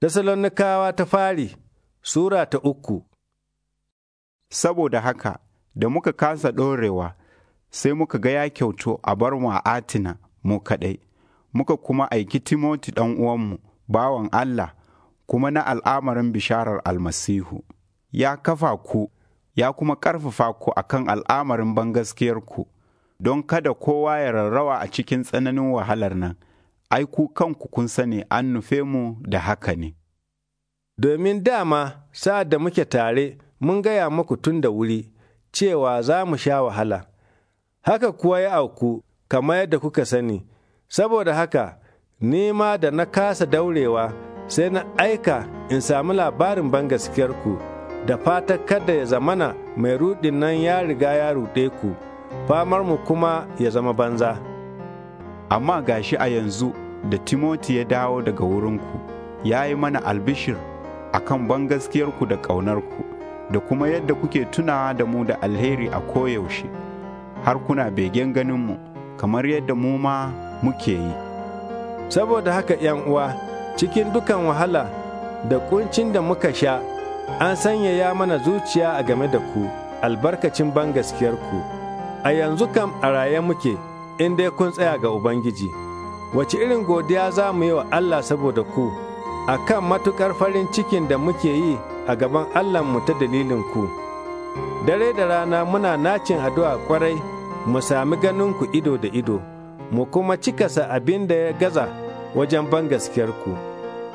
Tessalonikawa ta fari Sura ta uku Saboda haka, da muka kasa ɗorewa, sai muka ga ya kyautu a bar mu a Atina mu kaɗai, muka kuma aiki Timoti ɗan uwanmu, bawan Allah, kuma na al'amarin bisharar almasihu. Ya kafa ku, ya kuma ƙarfafa ku akan al'amarin bangaskiyarku, don kada kowa ya rarrawa a cikin tsananin wahalar nan. ai ku kanku kun sani an nufe mu da haka ne. Domin dama sa'ad da muke tare mun gaya muku tun da wuri cewa za mu sha wahala, haka kuwa ya auku kamar yadda kuka sani, saboda haka ni ma da na kasa daurewa sai na aika in sami labarin ban ku. da fata kada ya zamana mai ruɗin nan ya riga ya ruɗe ku, famar mu kuma ya zama banza. amma gashi a yanzu da Timoti ya dawo daga wurinku, ya yi mana albishir a kan bangaskiyarku da ƙaunarku, da kuma yadda kuke tunawa da mu da alheri a koyaushe, har kuna begen ganinmu, kamar yadda mu ma muke yi. Saboda haka 'yan uwa, cikin dukan wahala da kuncin da muka sha, an sanyaya mana zuciya a game da ku, albarkacin bangaskiyarku. A yanzu kam a raye muke, in dai kun tsaya ga Ubangiji. wace irin godiya za mu yi wa Allah saboda ku, a kan matuƙar farin cikin da muke yi a gaban Allah mu ta dalilin ku. Dare da rana muna nacin addu'a kwarai, mu sami ganin ku ido da ido, mu kuma cikasa abin da ya gaza wajen ban gaskiyarku.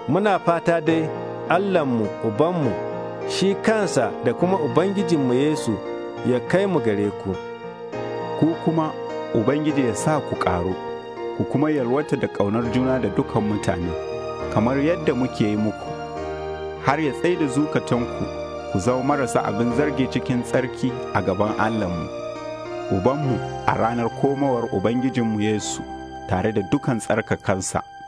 Muna fata dai Allahnmu, Ubanmu, shi kansa da kuma Ubangijinmu Yesu ya kai mu gare ku. Ku kuma Ubangiji ya sa ku ƙaru. ku kuma yalwata da ƙaunar juna da dukan mutane, kamar yadda muke yi muku, har ya tsaida zukatanku ku zama marasa abin zarge cikin tsarki a gaban Allahnmu, Ubanmu a ranar komawar Ubangijinmu Yesu tare da dukan tsarkakansa.